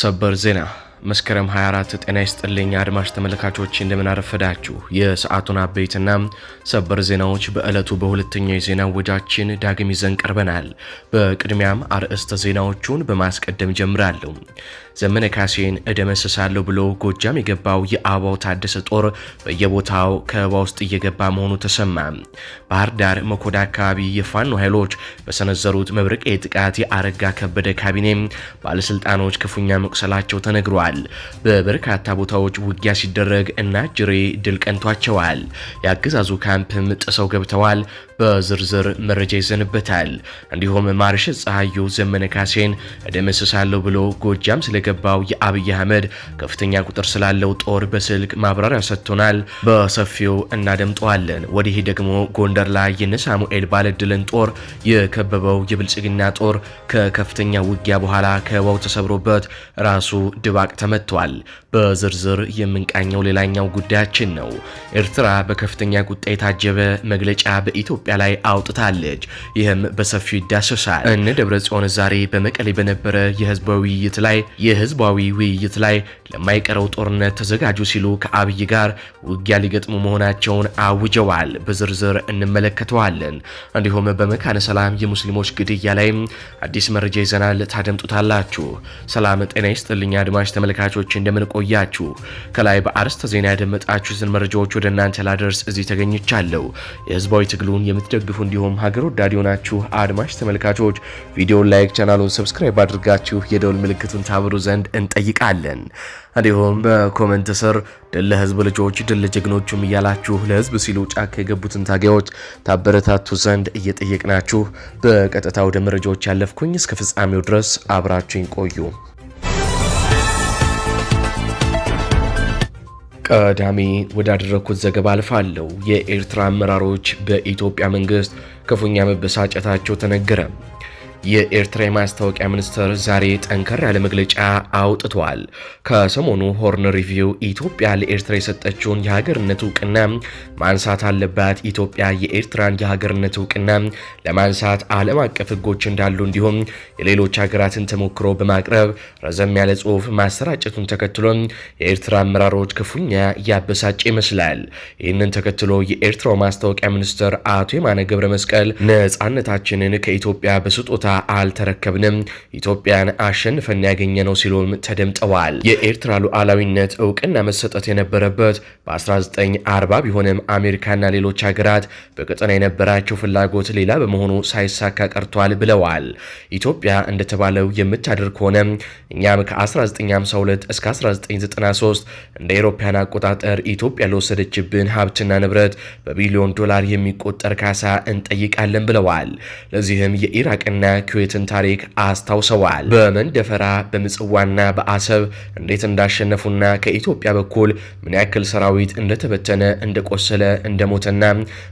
ሰበር ዜና መስከረም 24 ጤና ይስጥልኝ አድማጭ ተመልካቾች፣ እንደምናረፈዳችሁ የሰዓቱን አበይትና ሰበር ዜናዎች በዕለቱ በሁለተኛው የዜና ወጃችን ዳግም ይዘን ቀርበናል። በቅድሚያም አርዕስተ ዜናዎቹን በማስቀደም ጀምራለሁ። ዘመነ ካሴን እደመሰሳለሁ ብሎ ጎጃም የገባው የአበባው ታደሰ ጦር በየቦታው ከበባ ውስጥ እየገባ መሆኑ ተሰማ። ባህር ዳር መኮዳ አካባቢ የፋኖ ኃይሎች በሰነዘሩት መብረቅ ጥቃት የአረጋ ከበደ ካቢኔ ባለስልጣኖች ክፉኛ መቁሰላቸው ተነግሯል። በበርካታ ቦታዎች ውጊያ ሲደረግ እና ጅሬ ድል ቀንቷቸዋል። የአገዛዙ ካምፕም ጥሰው ገብተዋል። በዝርዝር መረጃ ይዘንበታል። እንዲሁም ማርሽ ፀሐዩ ዘመነ ካሴን እደመስሳለሁ ብሎ ጎጃም ስለ እንደገባው የአብይ አህመድ ከፍተኛ ቁጥር ስላለው ጦር በስልክ ማብራሪያ ሰጥቶናል። በሰፊው እናደምጠዋለን። ወዲህ ደግሞ ጎንደር ላይ የነ ሳሙኤል ባለድልን ጦር የከበበው የብልጽግና ጦር ከከፍተኛ ውጊያ በኋላ ከበባው ተሰብሮበት ራሱ ድባቅ ተመቷል። በዝርዝር የምንቃኘው ሌላኛው ጉዳያችን ነው። ኤርትራ በከፍተኛ ቁጣ የታጀበ መግለጫ በኢትዮጵያ ላይ አውጥታለች። ይህም በሰፊው ይዳሰሳል። እነ ደብረ ጽዮን ዛሬ በመቀሌ በነበረ የህዝባዊ ውይይት ላይ የህዝባዊ ውይይት ላይ ለማይቀረው ጦርነት ተዘጋጁ ሲሉ ከአብይ ጋር ውጊያ ሊገጥሙ መሆናቸውን አውጀዋል። በዝርዝር እንመለከተዋለን። እንዲሁም በመካነ ሰላም የሙስሊሞች ግድያ ላይ አዲስ መረጃ ይዘናል። ታደምጡታላችሁ። ሰላም ጤና ይስጥልኛ አድማጭ ተመልካቾች እንደምንቆ ቆያችሁ። ከላይ በአርስተ ዜና ያደመጣችሁትን መረጃዎች ወደ እናንተ ላደርስ እዚህ ተገኝቻለሁ። የህዝባዊ ትግሉን የምትደግፉ እንዲሁም ሀገር ወዳድ የሆናችሁ አድማሽ ተመልካቾች ቪዲዮን ላይክ፣ ቻናሉን ሰብስክራይብ አድርጋችሁ የደውል ምልክቱን ታብሩ ዘንድ እንጠይቃለን። እንዲሁም በኮመንት ስር ድል ህዝብ ልጆች፣ ድል ጀግኖቹም እያላችሁ ለህዝብ ሲሉ ጫካ የገቡትን ታጋዮች ታበረታቱ ዘንድ እየጠየቅናችሁ በቀጥታ ወደ መረጃዎች ያለፍኩኝ እስከ ፍጻሜው ድረስ አብራችሁኝ ቆዩ። ቀዳሚ ወዳደረግኩት ዘገባ አልፋለሁ። የኤርትራ አመራሮች በኢትዮጵያ መንግስት ክፉኛ መበሳጨታቸው ተነገረ። የኤርትራ የማስታወቂያ ሚኒስትር ዛሬ ጠንከር ያለ መግለጫ አውጥቷል። ከሰሞኑ ሆርን ሪቪው ኢትዮጵያ ለኤርትራ የሰጠችውን የሀገርነት እውቅና ማንሳት አለባት፣ ኢትዮጵያ የኤርትራን የሀገርነት እውቅና ለማንሳት ዓለም አቀፍ ሕጎች እንዳሉ እንዲሁም የሌሎች ሀገራትን ተሞክሮ በማቅረብ ረዘም ያለ ጽሑፍ ማሰራጨቱን ተከትሎ የኤርትራ አመራሮች ክፉኛ እያበሳጨ ይመስላል። ይህንን ተከትሎ የኤርትራው ማስታወቂያ ሚኒስትር አቶ የማነ ገብረ መስቀል ነጻነታችንን ከኢትዮጵያ በስጦታ አልተረከብንም፣ ኢትዮጵያን አሸንፈን ያገኘ ነው ሲሉም ተደምጠዋል። የኤርትራ ሉዓላዊነት እውቅና መሰጠት የነበረበት በ1940 ቢሆንም አሜሪካና ሌሎች ሀገራት በቀጠና የነበራቸው ፍላጎት ሌላ በመሆኑ ሳይሳካ ቀርቷል ብለዋል። ኢትዮጵያ እንደተባለው የምታደርግ ከሆነ እኛም ከ1952 እስከ 1993 እንደ አውሮፓውያን አቆጣጠር ኢትዮጵያ ለወሰደችብን ሀብትና ንብረት በቢሊዮን ዶላር የሚቆጠር ካሳ እንጠይቃለን ብለዋል። ለዚህም የኢራቅና የኩዌትን ታሪክ አስታውሰዋል። በመንደፈራ በምጽዋና በአሰብ እንዴት እንዳሸነፉና ከኢትዮጵያ በኩል ምን ያክል ሰራዊት እንደተበተነ እንደቆሰለ፣ እንደሞተና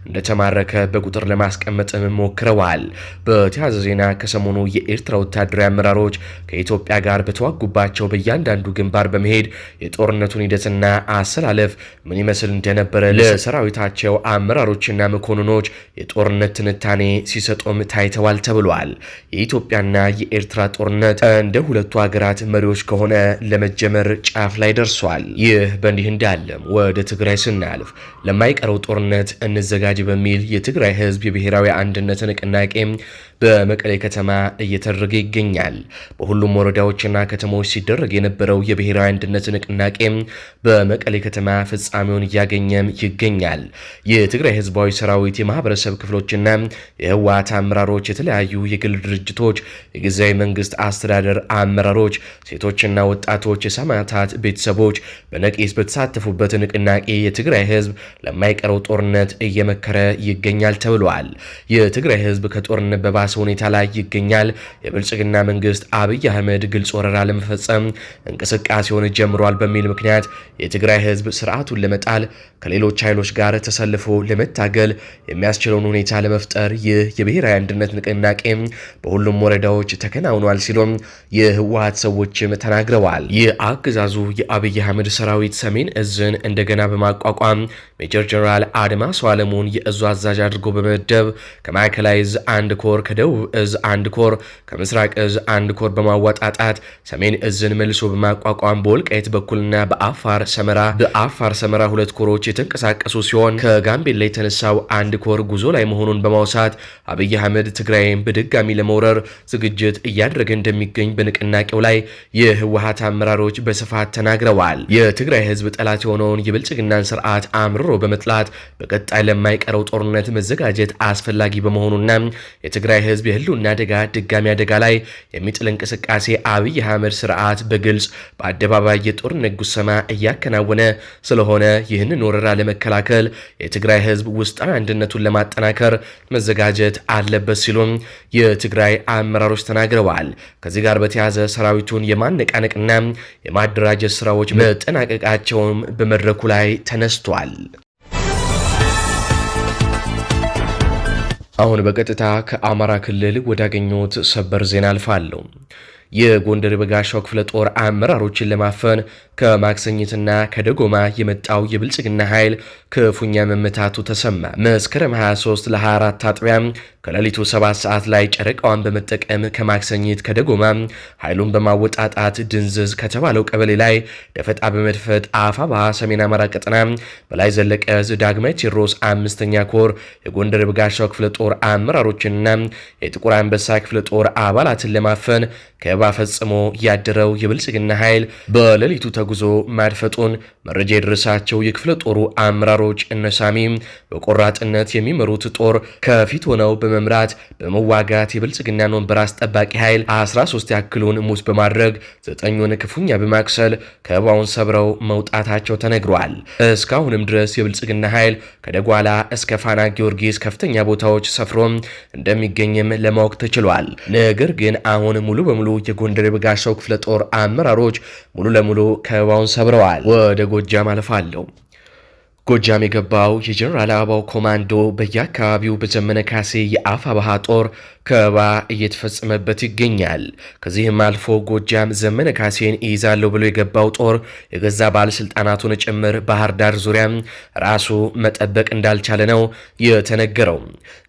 እንደተማረከ በቁጥር ለማስቀመጥም ሞክረዋል። በተያያዘ ዜና ከሰሞኑ የኤርትራ ወታደራዊ አመራሮች ከኢትዮጵያ ጋር በተዋጉባቸው በእያንዳንዱ ግንባር በመሄድ የጦርነቱን ሂደትና አሰላለፍ ምን ይመስል እንደነበረ ለሰራዊታቸው አመራሮችና መኮንኖች የጦርነት ትንታኔ ሲሰጡም ታይተዋል ተብሏል። የኢትዮጵያና የኤርትራ ጦርነት እንደ ሁለቱ ሀገራት መሪዎች ከሆነ ለመጀመር ጫፍ ላይ ደርሷል። ይህ በእንዲህ እንዳለም ወደ ትግራይ ስናልፍ ለማይቀረው ጦርነት እንዘጋጅ በሚል የትግራይ ህዝብ የብሔራዊ አንድነት ንቅናቄ በመቀሌ ከተማ እየተደረገ ይገኛል። በሁሉም ወረዳዎችና ከተሞች ሲደረግ የነበረው የብሔራዊ አንድነት ንቅናቄ በመቀሌ ከተማ ፍጻሜውን እያገኘም ይገኛል። የትግራይ ህዝባዊ ሰራዊት የማህበረሰብ ክፍሎችና የህወሓት አመራሮች የተለያዩ የግል ድርጅቶች፣ የጊዜያዊ መንግስት አስተዳደር አመራሮች፣ ሴቶችና ወጣቶች፣ የሰማዕታት ቤተሰቦች በነቂስ በተሳተፉበት ንቅናቄ የትግራይ ህዝብ ለማይቀረው ጦርነት እየመከረ ይገኛል ተብሏል። የትግራይ ህዝብ ከጦርነት በባሰ ሁኔታ ላይ ይገኛል። የብልጽግና መንግስት አብይ አህመድ ግልጽ ወረራ ለመፈጸም እንቅስቃሴውን ጀምሯል በሚል ምክንያት የትግራይ ህዝብ ስርዓቱን ለመጣል ከሌሎች ኃይሎች ጋር ተሰልፎ ለመታገል የሚያስችለውን ሁኔታ ለመፍጠር ይህ የብሔራዊ አንድነት ንቅናቄ በሁሉም ወረዳዎች ተከናውኗል ሲሉም የህወሀት ሰዎችም ተናግረዋል። የአገዛዙ የአብይ አህመድ ሰራዊት ሰሜን እዝን እንደገና በማቋቋም ሜጀር ጀነራል አድማሱ አለሙን የእዙ አዛዥ አድርጎ በመደብ ከማዕከላዊ እዝ አንድ ኮር፣ ከደቡብ እዝ አንድ ኮር፣ ከምስራቅ እዝ አንድ ኮር በማወጣጣት ሰሜን እዝን መልሶ በማቋቋም በወልቃይት በኩልና በአፋር ሰመራ በአፋር ሰመራ ሁለት ኮሮች የተንቀሳቀሱ ሲሆን ከጋምቤላ የተነሳው አንድ ኮር ጉዞ ላይ መሆኑን በማውሳት አብይ አህመድ ትግራይን በድጋሚ ለመውረር ዝግጅት እያደረገ እንደሚገኝ በንቅናቄው ላይ የህወሀት አመራሮች በስፋት ተናግረዋል። የትግራይ ህዝብ ጠላት የሆነውን የብልጽግናን ስርዓት አምርሮ በመጥላት በቀጣይ ለማይቀረው ጦርነት መዘጋጀት አስፈላጊ በመሆኑና የትግራይ ህዝብ የህልውና አደጋ ድጋሚ አደጋ ላይ የሚጥል እንቅስቃሴ አብይ አህመድ ስርዓት በግልጽ በአደባባይ የጦርነት ጉሰማ እያከናወነ ስለሆነ ይህንን ወረራ ለመከላከል የትግራይ ህዝብ ውስጣዊ አንድነቱን ለማጠናከር መዘጋጀት አለበት ሲሉም የትግራይ አመራሮች ተናግረዋል። ከዚህ ጋር በተያያዘ ሰራዊቱን የማነቃነቅና የማደራጀት ስራዎች መጠናቀቃቸውም በመድረኩ ላይ ተነስቷል። አሁን በቀጥታ ከአማራ ክልል ወዳገኙት ሰበር ዜና አልፋለሁ። የጎንደር በጋሻው ክፍለ ጦር አመራሮችን ለማፈን ከማክሰኝትና ከደጎማ የመጣው የብልጽግና ኃይል ክፉኛ መመታቱ ተሰማ። መስከረም 23 ለ24 አጥቢያ ከሌሊቱ 7 ሰዓት ላይ ጨረቃዋን በመጠቀም ከማክሰኝት ከደጎማ ኃይሉን በማወጣጣት ድንዝዝ ከተባለው ቀበሌ ላይ ደፈጣ በመድፈጥ አፋባ ሰሜን አማራ ቀጠና በላይ ዘለቀ ዳግማዊ ቴዎድሮስ አምስተኛ ኮር የጎንደር በጋሻው ክፍለ ጦር አመራሮችንና የጥቁር አንበሳ ክፍለ ጦር አባላትን ለማፈን ከበባ ፈጽሞ ያደረው የብልጽግና ኃይል በሌሊቱ ተጉዞ ማድፈጡን መረጃ የደረሳቸው የክፍለ ጦሩ አመራሮች እነሳሚም በቆራጥነት የሚመሩት ጦር ከፊት ሆነው በመምራት በመዋጋት የብልጽግናን ወንበር አስጠባቂ ኃይል 13 ያክሉን ሙት በማድረግ ዘጠኙን ክፉኛ በማክሰል ከበባውን ሰብረው መውጣታቸው ተነግሯል። እስካሁንም ድረስ የብልጽግና ኃይል ከደጓላ እስከ ፋና ጊዮርጊስ ከፍተኛ ቦታዎች ሰፍሮም እንደሚገኝም ለማወቅ ተችሏል። ነገር ግን አሁን ሙሉ በሙሉ የጎንደር የበጋሻው ክፍለ ጦር አመራሮች ሙሉ ለሙሉ ከበባውን ሰብረዋል። ወደ ጎጃም አለው። ጎጃም የገባው የጀኔራል አበባው ኮማንዶ በየአካባቢው በዘመነ ካሴ የአፋ ባሃ ጦር ከበባ እየተፈጸመበት ይገኛል። ከዚህም አልፎ ጎጃም ዘመነ ካሴን ይይዛለሁ ብሎ የገባው ጦር የገዛ ባለስልጣናቱን ጭምር ባህር ዳር ዙሪያ ራሱ መጠበቅ እንዳልቻለ ነው የተነገረው።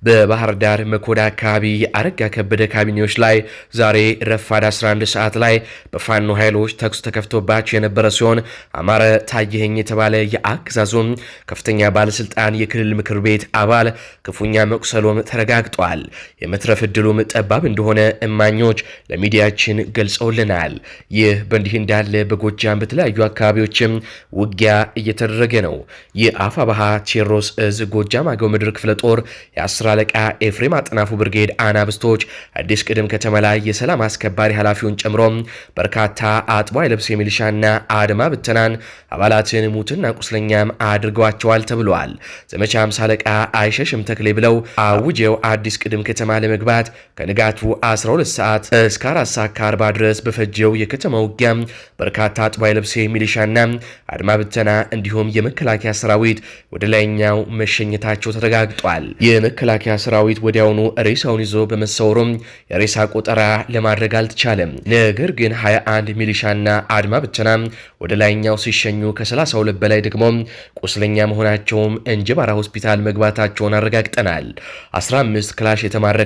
በባህር ዳር መኮዳ አካባቢ የአረጋ ከበደ ካቢኔዎች ላይ ዛሬ ረፋድ 11 ሰዓት ላይ በፋኖ ኃይሎች ተኩስ ተከፍቶባቸው የነበረ ሲሆን አማረ ታየኸኝ የተባለ የአገዛዙም ከፍተኛ ባለስልጣን የክልል ምክር ቤት አባል ክፉኛ መቁሰሎም ተረጋግጧል። የመትረፍ እድሉም ጠባብ እንደሆነ እማኞች ለሚዲያችን ገልጸውልናል። ይህ በእንዲህ እንዳለ በጎጃም በተለያዩ አካባቢዎችም ውጊያ እየተደረገ ነው። የአፋ ባሃ ቴዎድሮስ እዝ ጎጃም አገው ምድር ክፍለ ጦር የአስር አለቃ ኤፍሬም አጥናፉ ብርጌድ አናብስቶች አዲስ ቅድም ከተማ ላይ የሰላም አስከባሪ ኃላፊውን ጨምሮ በርካታ አጥቦ አይለብስ የሚሊሻና አድማ ብተናን አባላትን ሙትና ቁስለኛም አድርገዋቸዋል ተብሏል። ዘመቻ አምሳ አለቃ አይሸሽም ተክሌ ብለው አውጀው አዲስ ቅድም ከተማ ለመግባት በመግባት ከንጋቱ 12 ሰዓት እስከ 4 ሰዓት ከ40 ድረስ በፈጀው የከተማ ውጊያ በርካታ አጥባይ ልብስ ሚሊሻና አድማ ብተና እንዲሁም የመከላከያ ሰራዊት ወደ ላይኛው መሸኘታቸው ተረጋግጧል። የመከላከያ ሰራዊት ወዲያውኑ ሬሳውን ይዞ በመሰወሩም የሬሳ ቆጠራ ለማድረግ አልተቻለም። ነገር ግን 21 ሚሊሻና አድማ ብተና ወደ ላይኛው ሲሸኙ ከ32 በላይ ደግሞ ቁስለኛ መሆናቸውም እንጀባራ ሆስፒታል መግባታቸውን አረጋግጠናል። 15 ክላሽ የተማረከ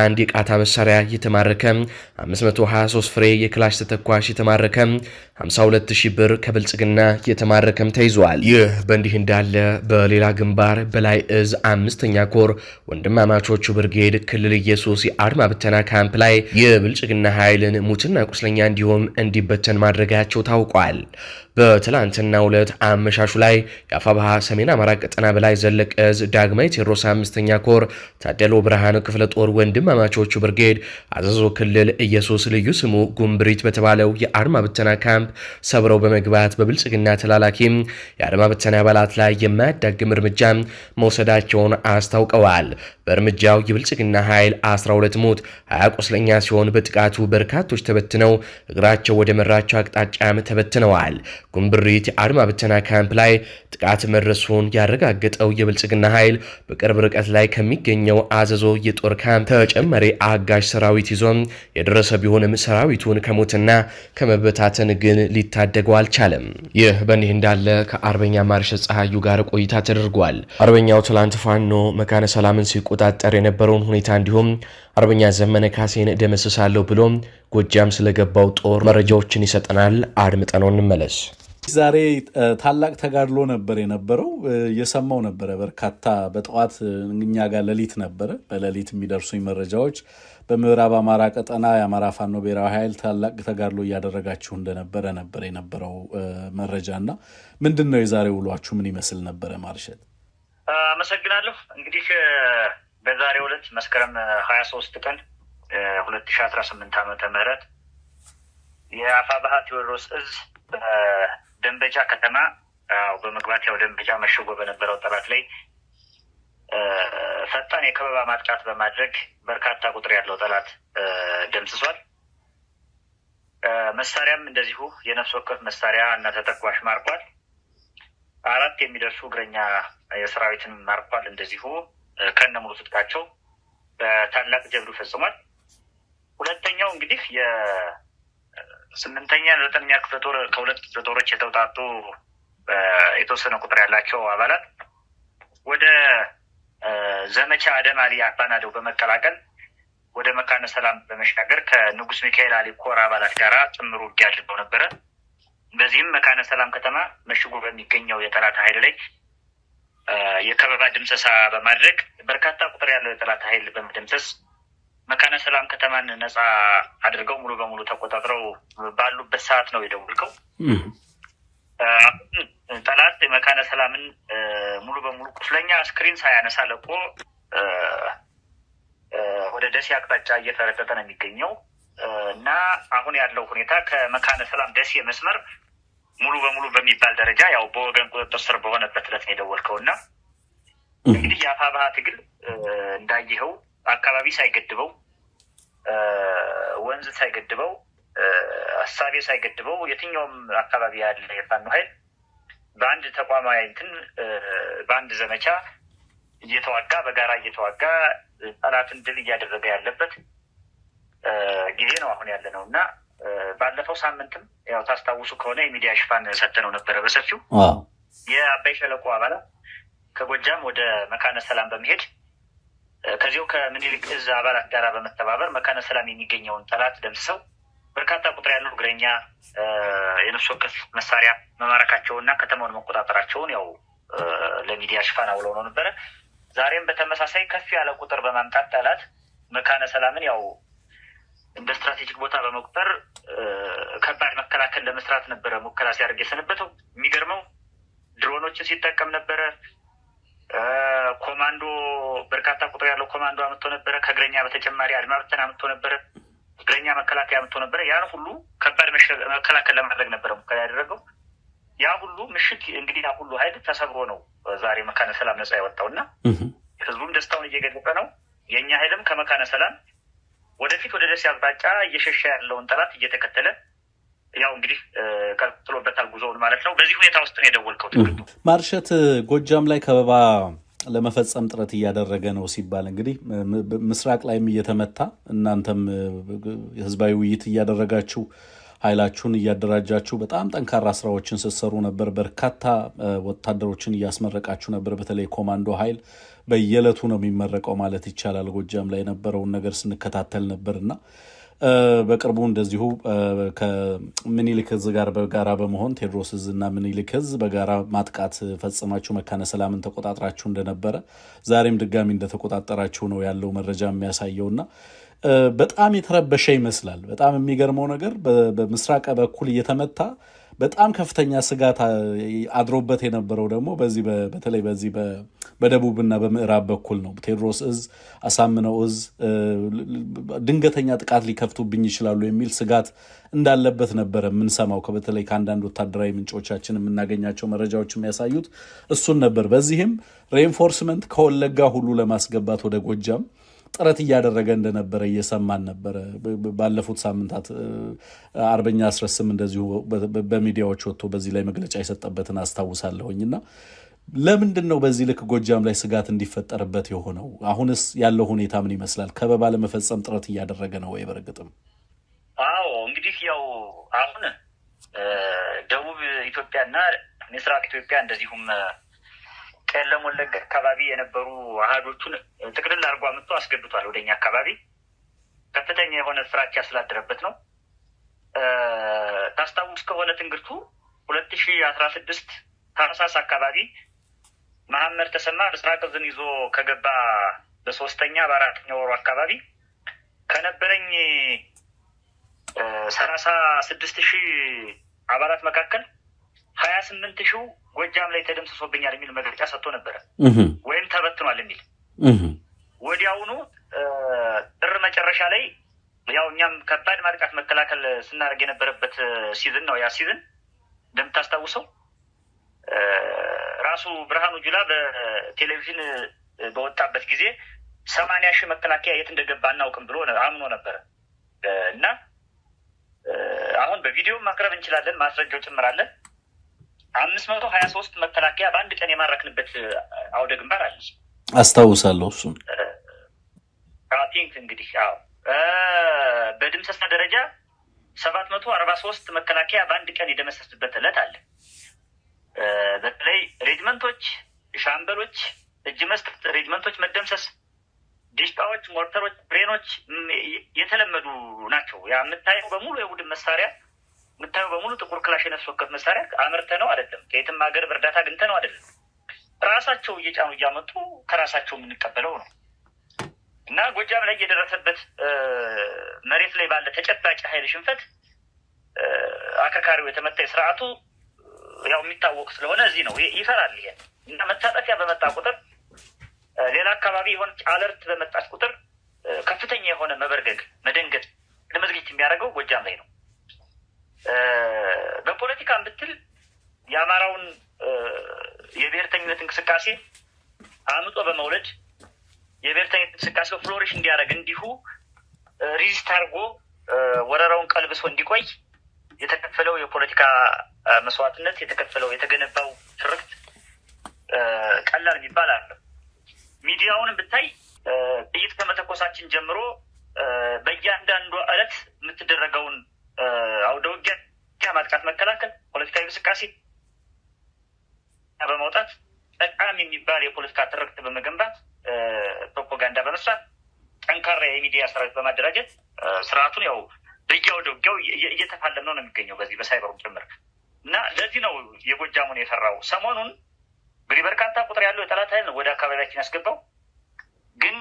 አንድ የቃታ መሳሪያ የተማረከ 523 ፍሬ የክላሽ ተተኳሽ የተማረከ 520 ብር ከብልጽግና የተማረከም ተይዟል። ይህ በእንዲህ እንዳለ በሌላ ግንባር በላይ እዝ አምስተኛ ኮር ወንድማማቾቹ ብርጌድ ክልል ኢየሱስ የአድማ ብተና ካምፕ ላይ የብልጽግና ኃይልን ሙትና ቁስለኛ እንዲሁም እንዲበተን ማድረጋቸው ታውቋል። በትላንትና ሁለት አመሻሹ ላይ የአፋባሃ ሰሜን አማራ ቀጠና በላይ ዘለቀ እዝ ዳግማዊ ቴዎድሮስ አምስተኛ ኮር ታደሎ ብርሃን ክፍለ ጦር ወንድም የወንድማማቾቹ ብርጌድ አዘዞ ክልል ኢየሱስ ልዩ ስሙ ጉምብሪት በተባለው የአድማ ብተና ካምፕ ሰብረው በመግባት በብልጽግና ተላላኪ የአድማ ብተና አባላት ላይ የማያዳግም እርምጃ መውሰዳቸውን አስታውቀዋል። በእርምጃው የብልጽግና ኃይል 12 ሞት ሀያ ቁስለኛ ሲሆን በጥቃቱ በርካቶች ተበትነው እግራቸው ወደ መራቸው አቅጣጫም ተበትነዋል። ጉምብሪት የአድማ ብተና ካምፕ ላይ ጥቃት መድረሱን ያረጋገጠው የብልጽግና ኃይል በቅርብ ርቀት ላይ ከሚገኘው አዘዞ የጦር ካምፕ ተጨማሪ አጋዥ ሰራዊት ይዞም የደረሰ ቢሆንም ሰራዊቱን ከሞትና ከመበታተን ግን ሊታደገው አልቻለም። ይህ በእንዲህ እንዳለ ከአርበኛ ማርሽ ፀሐዩ ጋር ቆይታ ተደርጓል። አርበኛው ትላንት ፋኖ መካነ ሰላምን ሲቆጣጠር የነበረውን ሁኔታ እንዲሁም አርበኛ ዘመነ ካሴን ደመስሳለሁ ብሎ ጎጃም ስለገባው ጦር መረጃዎችን ይሰጠናል። አድምጠነው እንመለስ። ዛሬ ታላቅ ተጋድሎ ነበር የነበረው። የሰማው ነበረ በርካታ በጠዋት እኛ ጋር ሌሊት ነበረ። በሌሊት የሚደርሱኝ መረጃዎች በምዕራብ አማራ ቀጠና የአማራ ፋኖ ብሔራዊ ኃይል ታላቅ ተጋድሎ እያደረጋችሁ እንደነበረ ነበር የነበረው መረጃ እና ምንድን ነው የዛሬ ውሏችሁ ምን ይመስል ነበረ? ማርሸት አመሰግናለሁ። እንግዲህ በዛሬ ሁለት መስከረም ሀያ ሶስት ቀን ሁለት ሺ አስራ ስምንት አመተ ምህረት የአፋ ባህ ቴዎድሮስ እዝ ደንበጫ ከተማ በመግባት ያው ደንበጫ መሽጎ በነበረው ጠላት ላይ ፈጣን የከበባ ማጥቃት በማድረግ በርካታ ቁጥር ያለው ጠላት ደምስሷል። መሳሪያም እንደዚሁ የነፍስ ወከፍ መሳሪያ እና ተተኳሽ ማርኳል። አራት የሚደርሱ እግረኛ የሰራዊትን ማርኳል። እንደዚሁ ከነሙሉ ትጥቃቸው በታላቅ ጀብዱ ፈጽሟል። ሁለተኛው እንግዲህ ስምንተኛ ዘጠነኛ ክፍለ ጦር ከሁለት ክፍለ ጦሮች የተውጣጡ የተወሰነ ቁጥር ያላቸው አባላት ወደ ዘመቻ አደማሊ አሊ አባናደው በመቀላቀል ወደ መካነ ሰላም በመሻገር ከንጉስ ሚካኤል አሊ ኮር አባላት ጋር ጥምሩ ውጊያ አድርገው ነበረ። በዚህም መካነ ሰላም ከተማ መሽጎ በሚገኘው የጠላት ኃይል ላይ የከበባ ድምሰሳ በማድረግ በርካታ ቁጥር ያለው የጠላት ኃይል በመደምሰስ መካነ ሰላም ከተማን ነፃ አድርገው ሙሉ በሙሉ ተቆጣጥረው ባሉበት ሰዓት ነው የደወልከው። ጠላት መካነ ሰላምን ሙሉ በሙሉ ቁስለኛ ስክሪን ሳያነሳ ለቆ ወደ ደሴ አቅጣጫ እየፈረጠጠ ነው የሚገኘው እና አሁን ያለው ሁኔታ ከመካነ ሰላም ደሴ መስመር ሙሉ በሙሉ በሚባል ደረጃ ያው በወገን ቁጥጥር ስር በሆነበት ለት ነው የደወልከው እና እንግዲህ የአፋ ባህ ትግል እንዳየኸው አካባቢ ሳይገድበው ወንዝ ሳይገድበው ሀሳቤ ሳይገድበው የትኛውም አካባቢ ያለ የፋኖ ኃይል በአንድ ተቋማዊ እንትን በአንድ ዘመቻ እየተዋጋ በጋራ እየተዋጋ ጠላትን ድል እያደረገ ያለበት ጊዜ ነው አሁን ያለ ነው እና ባለፈው ሳምንትም ያው ታስታውሱ ከሆነ የሚዲያ ሽፋን ሰተነው ነበረ በሰፊው የአባይ ሸለቆ አባላት ከጎጃም ወደ መካነ ሰላም በመሄድ ከዚሁ ከምኒልክ እዝ አባላት ጋር በመተባበር መካነ ሰላም የሚገኘውን ጠላት ደምስሰው በርካታ ቁጥር ያለው እግረኛ የነፍስ ወከፍ መሳሪያ መማረካቸውና ከተማውን መቆጣጠራቸውን ያው ለሚዲያ ሽፋን አውለው ነው ነበረ። ዛሬም በተመሳሳይ ከፍ ያለ ቁጥር በማምጣት ጠላት መካነ ሰላምን ያው እንደ ስትራቴጂክ ቦታ በመቁጠር ከባድ መከላከል ለመስራት ነበረ ሙከራ ሲያደርግ የሰነበተው። የሚገርመው ድሮኖችን ሲጠቀም ነበረ ኮማንዶ ቁጥር ያለው ኮማንዶ አምጥቶ ነበረ። ከእግረኛ በተጨማሪ አድማ ብተና አምጥቶ ነበረ። እግረኛ መከላከያ አምጥቶ ነበረ። ያን ሁሉ ከባድ መከላከል ለማድረግ ነበረ ሙከራ ያደረገው። ያ ሁሉ ምሽት እንግዲህ ያ ሁሉ ኃይል ተሰብሮ ነው ዛሬ መካነ ሰላም ነጻ የወጣው እና ህዝቡም ደስታውን እየገለጸ ነው። የእኛ ኃይልም ከመካነ ሰላም ወደፊት ወደ ደሴ አቅጣጫ እየሸሻ ያለውን ጠላት እየተከተለ ያው እንግዲህ ቀጥሎበታል ጉዞውን ማለት ነው። በዚህ ሁኔታ ውስጥ ነው የደወልከው። ማርሸት ጎጃም ላይ ከበባ ለመፈጸም ጥረት እያደረገ ነው ሲባል እንግዲህ ምስራቅ ላይም እየተመታ እናንተም ህዝባዊ ውይይት እያደረጋችሁ ኃይላችሁን እያደራጃችሁ በጣም ጠንካራ ስራዎችን ስትሰሩ ነበር። በርካታ ወታደሮችን እያስመረቃችሁ ነበር። በተለይ ኮማንዶ ኃይል በየዕለቱ ነው የሚመረቀው ማለት ይቻላል። ጎጃም ላይ የነበረውን ነገር ስንከታተል ነበርና በቅርቡ እንደዚሁ ከምኒልክ ህዝ ጋር በጋራ በመሆን ቴድሮስ ህዝ እና ምኒልክ ህዝ በጋራ ማጥቃት ፈጽማችሁ መካነ ሰላምን ተቆጣጥራችሁ እንደነበረ ዛሬም ድጋሚ እንደተቆጣጠራችሁ ነው ያለው መረጃ የሚያሳየውና በጣም የተረበሸ ይመስላል። በጣም የሚገርመው ነገር በምስራቅ በኩል እየተመታ በጣም ከፍተኛ ስጋት አድሮበት የነበረው ደግሞ በዚህ በተለይ በዚህ በደቡብና በምዕራብ በኩል ነው። ቴዎድሮስ እዝ፣ አሳምነው እዝ ድንገተኛ ጥቃት ሊከፍቱብኝ ይችላሉ የሚል ስጋት እንዳለበት ነበረ የምንሰማው። በተለይ ከአንዳንድ ወታደራዊ ምንጮቻችን የምናገኛቸው መረጃዎች የሚያሳዩት እሱን ነበር። በዚህም ሬንፎርስመንት ከወለጋ ሁሉ ለማስገባት ወደ ጎጃም ጥረት እያደረገ እንደነበረ እየሰማን ነበረ። ባለፉት ሳምንታት አርበኛ አስረስም እንደዚሁ በሚዲያዎች ወጥቶ በዚህ ላይ መግለጫ የሰጠበትን አስታውሳለሁኝ እና ለምንድን ነው በዚህ ልክ ጎጃም ላይ ስጋት እንዲፈጠርበት የሆነው? አሁንስ ያለው ሁኔታ ምን ይመስላል? ከበባ ለመፈጸም ጥረት እያደረገ ነው ወይ? በእርግጥም አዎ፣ እንግዲህ ያው አሁን ደቡብ ኢትዮጵያና ምስራቅ ኢትዮጵያ እንደዚሁም ቄለም ወለጋ አካባቢ የነበሩ አህዶቹን ጥቅልል አድርጎ አምጥቶ አስገብቷል ወደኛ አካባቢ። ከፍተኛ የሆነ ፍራቻ ስላደረበት ነው። ታስታውስ ከሆነ ትንግርቱ ሁለት ሺ አስራ ስድስት ታህሳስ አካባቢ መሐመድ ተሰማ ምስራቅ ይዞ ከገባ በሶስተኛ በአራተኛ ወሩ አካባቢ ከነበረኝ ሰላሳ ስድስት ሺህ አባላት መካከል ሀያ ስምንት ሺው ጎጃም ላይ ተደምስሶብኛል የሚል መግለጫ ሰጥቶ ነበረ ወይም ተበትኗል የሚል ወዲያውኑ ጥር መጨረሻ ላይ ያው እኛም ከባድ ማጥቃት መከላከል ስናደርግ የነበረበት ሲዝን ነው ያ ሲዝን እንደምታስታውሰው ራሱ ብርሃኑ ጁላ በቴሌቪዥን በወጣበት ጊዜ ሰማኒያ ሺህ መከላከያ የት እንደገባ እናውቅም ብሎ አምኖ ነበረ እና አሁን በቪዲዮ ማቅረብ እንችላለን፣ ማስረጃው ጭምራለን። አምስት መቶ ሀያ ሶስት መከላከያ በአንድ ቀን የማረክንበት አውደ ግንባር አለ አስታውሳለሁ። እሱን ቲንክ እንግዲህ አዎ በድምሰሳ ደረጃ ሰባት መቶ አርባ ሶስት መከላከያ በአንድ ቀን የደመሰስበት እለት አለ። በተለይ ሬጅመንቶች፣ ሻምበሎች፣ እጅ መስጠት፣ ሬጅመንቶች መደምሰስ፣ ዲሽቃዎች፣ ሞርተሮች፣ ብሬኖች የተለመዱ ናቸው። ያ የምታየው በሙሉ የቡድን መሳሪያ የምታየው በሙሉ ጥቁር ክላሽ የነፍስ ወከፍ መሳሪያ አምርተ ነው አይደለም፣ ከየትም ሀገር በእርዳታ አግኝተ ነው አይደለም፣ ራሳቸው እየጫኑ እያመጡ ከራሳቸው የምንቀበለው ነው እና ጎጃም ላይ የደረሰበት መሬት ላይ ባለ ተጨባጭ ኃይል ሽንፈት አከርካሪው የተመታ ስርዓቱ ያው የሚታወቅ ስለሆነ እዚህ ነው ይፈራል። ይሄ እና መታጠፊያ በመጣ ቁጥር ሌላ አካባቢ የሆነች አለርት በመጣች ቁጥር ከፍተኛ የሆነ መበርገግ፣ መደንገጥ ለመዝግጅት የሚያደርገው ጎጃም ላይ ነው። በፖለቲካ ብትል የአማራውን የብሔርተኝነት እንቅስቃሴ አምጦ በመውለድ የብሔርተኝነት እንቅስቃሴው ፍሎሪሽ እንዲያደርግ እንዲሁ ሪዚስት አድርጎ ወረራውን ቀልብሶ እንዲቆይ የተከፈለው የፖለቲካ መስዋዕትነት የተከፈለው የተገነባው ትርክት ቀላል የሚባል አለ። ሚዲያውንም ብታይ ጥይት ከመተኮሳችን ጀምሮ በእያንዳንዱ እለት የምትደረገውን አውደ ውጊያ፣ ማጥቃት፣ መከላከል፣ ፖለቲካዊ እንቅስቃሴ በማውጣት ጠቃሚ የሚባል የፖለቲካ ትርክት በመገንባት ፕሮፓጋንዳ በመስራት ጠንካራ የሚዲያ ሰራዊት በማደራጀት ስርዓቱን ያው በየአውደ ውጊያው እየተፋለም ነው የሚገኘው በዚህ በሳይበሩ ጭምር እና ለዚህ ነው የጎጃሙን የፈራው። ሰሞኑን እንግዲህ በርካታ ቁጥር ያለው የጠላት ኃይል ወደ አካባቢያችን ያስገባው ግን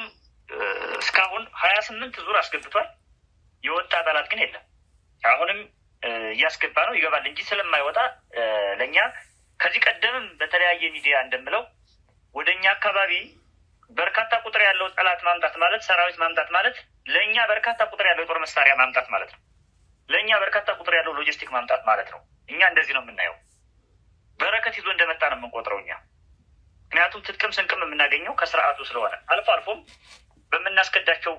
እስካሁን ሀያ ስምንት ዙር አስገብቷል። የወጣ ጠላት ግን የለም። አሁንም እያስገባ ነው ይገባል እንጂ ስለማይወጣ ለእኛ ከዚህ ቀደምም በተለያየ ሚዲያ እንደምለው ወደ እኛ አካባቢ በርካታ ቁጥር ያለው ጠላት ማምጣት ማለት ሰራዊት ማምጣት ማለት ለእኛ በርካታ ቁጥር ያለው የጦር መሳሪያ ማምጣት ማለት ነው። ለእኛ በርካታ ቁጥር ያለው ሎጂስቲክ ማምጣት ማለት ነው። እኛ እንደዚህ ነው የምናየው። በረከት ይዞ እንደመጣ ነው የምንቆጥረው እኛ። ምክንያቱም ትጥቅም ስንቅም የምናገኘው ከስርዓቱ ስለሆነ አልፎ አልፎም በምናስከዳቸው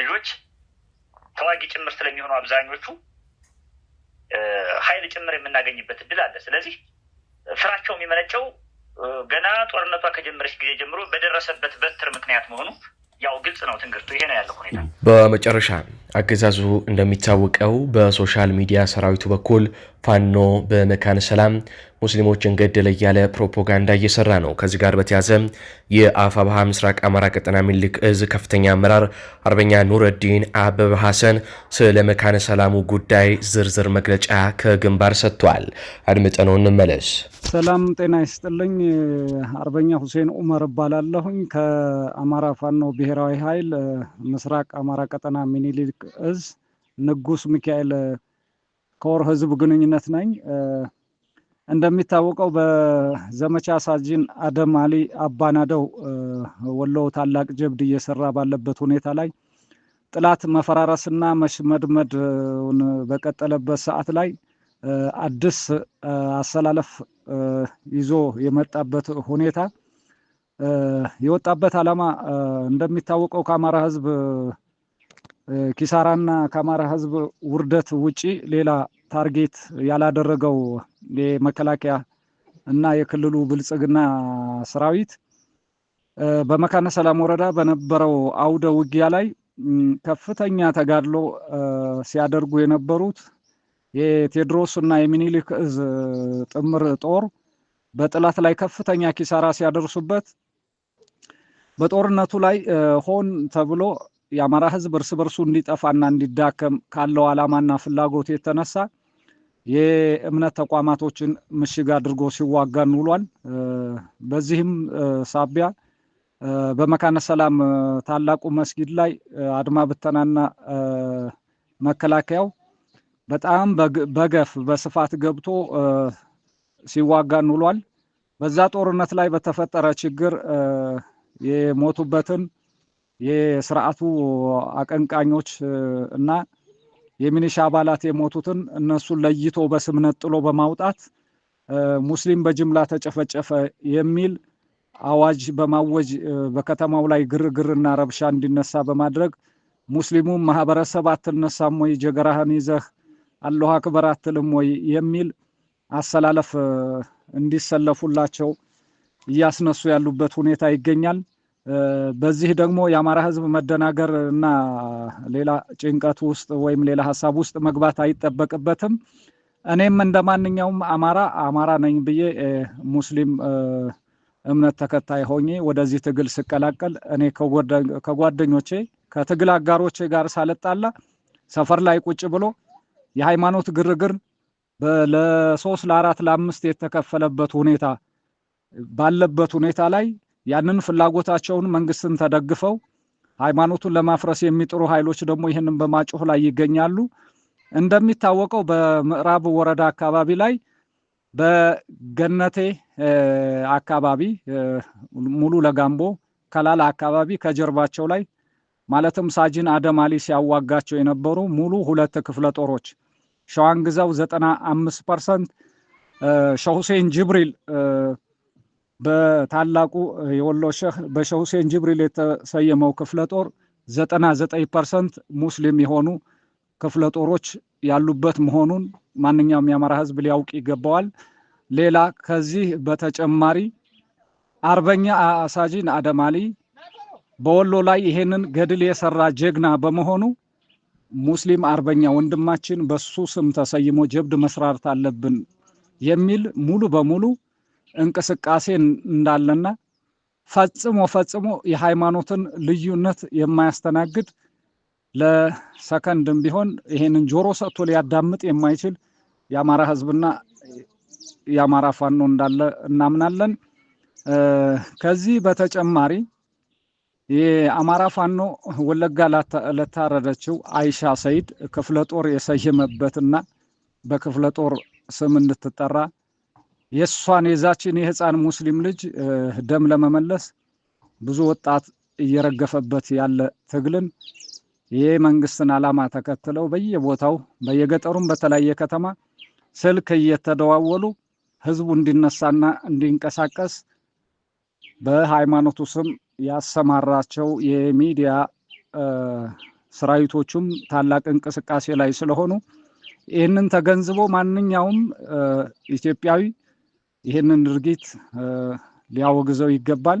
ልጆች ተዋጊ ጭምር ስለሚሆኑ አብዛኞቹ ኃይል ጭምር የምናገኝበት እድል አለ። ስለዚህ ፍራቸው የሚመነጨው ገና ጦርነቷ ከጀመረች ጊዜ ጀምሮ በደረሰበት በትር ምክንያት መሆኑ ያው ግልጽ ነው። ትንግርቱ ይሄ ነው ያለው ሁኔታ። በመጨረሻ አገዛዙ እንደሚታወቀው በሶሻል ሚዲያ ሰራዊቱ በኩል ፋኖ በመካነ ሰላም ሙስሊሞችን ገደለ እያለ ፕሮፓጋንዳ እየሰራ ነው። ከዚህ ጋር በተያዘ የአፋባሃ ምስራቅ አማራ ቀጠና ሚልክ እዝ ከፍተኛ አመራር አርበኛ ኑረዲን አበበ ሐሰን ስለ መካነ ሰላሙ ጉዳይ ዝርዝር መግለጫ ከግንባር ሰጥቷል። አድምጠነው እንመለስ። ሰላም ጤና ይስጥልኝ። አርበኛ ሁሴን ኡመር እባላለሁኝ ከአማራ ፋኖ ብሔራዊ ኃይል ምስራቅ አማራ ቀጠና ሚኒሊክ እዝ ንጉስ ሚካኤል ከወር ህዝብ ግንኙነት ነኝ። እንደሚታወቀው በዘመቻ ሳጅን አደም አሊ አባናደው ወሎ ታላቅ ጀብድ እየሰራ ባለበት ሁኔታ ላይ ጥላት መፈራረስና መሽመድመድን በቀጠለበት ሰዓት ላይ አዲስ አሰላለፍ ይዞ የመጣበት ሁኔታ የወጣበት ዓላማ እንደሚታወቀው ከአማራ ህዝብ ኪሳራና ከአማራ ህዝብ ውርደት ውጪ ሌላ ታርጌት ያላደረገው የመከላከያ እና የክልሉ ብልጽግና ሰራዊት በመካነ ሰላም ወረዳ በነበረው አውደ ውጊያ ላይ ከፍተኛ ተጋድሎ ሲያደርጉ የነበሩት የቴዎድሮስ እና የሚኒሊክ እዝ ጥምር ጦር በጥላት ላይ ከፍተኛ ኪሳራ ሲያደርሱበት በጦርነቱ ላይ ሆን ተብሎ የአማራ ህዝብ እርስ በርሱ እንዲጠፋና እንዲዳከም ካለው ዓላማና ፍላጎት የተነሳ የእምነት ተቋማቶችን ምሽግ አድርጎ ሲዋጋን ውሏል። በዚህም ሳቢያ በመካነ ሰላም ታላቁ መስጊድ ላይ አድማ ብተናና መከላከያው በጣም በገፍ በስፋት ገብቶ ሲዋጋን ውሏል። በዛ ጦርነት ላይ በተፈጠረ ችግር የሞቱበትን የስርዓቱ አቀንቃኞች እና የሚኒሻ አባላት የሞቱትን እነሱን ለይቶ በስምነት ጥሎ በማውጣት ሙስሊም በጅምላ ተጨፈጨፈ የሚል አዋጅ በማወጅ በከተማው ላይ ግርግርና ረብሻ እንዲነሳ በማድረግ ሙስሊሙም ማህበረሰብ አትነሳም ወይ ጀገራህን ይዘህ አላሁ አክበር አትልም ወይ የሚል አሰላለፍ እንዲሰለፉላቸው እያስነሱ ያሉበት ሁኔታ ይገኛል። በዚህ ደግሞ የአማራ ህዝብ መደናገር እና ሌላ ጭንቀት ውስጥ ወይም ሌላ ሀሳብ ውስጥ መግባት አይጠበቅበትም። እኔም እንደ ማንኛውም አማራ አማራ ነኝ ብዬ ሙስሊም እምነት ተከታይ ሆኜ ወደዚህ ትግል ስቀላቀል እኔ ከጓደኞቼ ከትግል አጋሮቼ ጋር ሳልጣላ ሰፈር ላይ ቁጭ ብሎ የሃይማኖት ግርግር ለሶስት ለአራት ለአምስት የተከፈለበት ሁኔታ ባለበት ሁኔታ ላይ ያንን ፍላጎታቸውን መንግስትን ተደግፈው ሃይማኖቱን ለማፍረስ የሚጥሩ ኃይሎች ደግሞ ይህንን በማጮህ ላይ ይገኛሉ። እንደሚታወቀው በምዕራብ ወረዳ አካባቢ ላይ በገነቴ አካባቢ ሙሉ ለጋምቦ ከላላ አካባቢ ከጀርባቸው ላይ ማለትም ሳጅን አደማሊ ሲያዋጋቸው የነበሩ ሙሉ ሁለት ክፍለ ጦሮች ሸዋንግዛው 95 ፐርሰንት ሸሁሴን ጅብሪል በታላቁ የወሎ ሼህ በሼህ ሁሴን ጅብሪል የተሰየመው ክፍለ ጦር 99 ፐርሰንት ሙስሊም የሆኑ ክፍለ ጦሮች ያሉበት መሆኑን ማንኛውም የአማራ ህዝብ ሊያውቅ ይገባዋል። ሌላ ከዚህ በተጨማሪ አርበኛ አሳጂን አደማሊ በወሎ ላይ ይሄንን ገድል የሰራ ጀግና በመሆኑ ሙስሊም አርበኛ ወንድማችን በሱ ስም ተሰይሞ ጀብድ መስራት አለብን የሚል ሙሉ በሙሉ እንቅስቃሴ እንዳለና ፈጽሞ ፈጽሞ የሃይማኖትን ልዩነት የማያስተናግድ ለሰከንድም ቢሆን ይሄንን ጆሮ ሰጥቶ ሊያዳምጥ የማይችል የአማራ ህዝብና የአማራ ፋኖ እንዳለ እናምናለን። ከዚህ በተጨማሪ የአማራ ፋኖ ወለጋ ለታረደችው አይሻ ሰይድ ክፍለ ጦር የሰየመበትና በክፍለ ጦር ስም እንድትጠራ የእሷን የዛችን የህፃን ሙስሊም ልጅ ደም ለመመለስ ብዙ ወጣት እየረገፈበት ያለ ትግልን ይህ መንግስትን አላማ ተከትለው በየቦታው በየገጠሩም በተለያየ ከተማ ስልክ እየተደዋወሉ ህዝቡ እንዲነሳና እንዲንቀሳቀስ በሃይማኖቱ ስም ያሰማራቸው የሚዲያ ሰራዊቶቹም ታላቅ እንቅስቃሴ ላይ ስለሆኑ ይህንን ተገንዝቦ ማንኛውም ኢትዮጵያዊ ይህንን ድርጊት ሊያወግዘው ይገባል።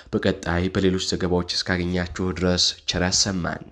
በቀጣይ በሌሎች ዘገባዎች እስካገኛችሁ ድረስ ቸር ያሰማን።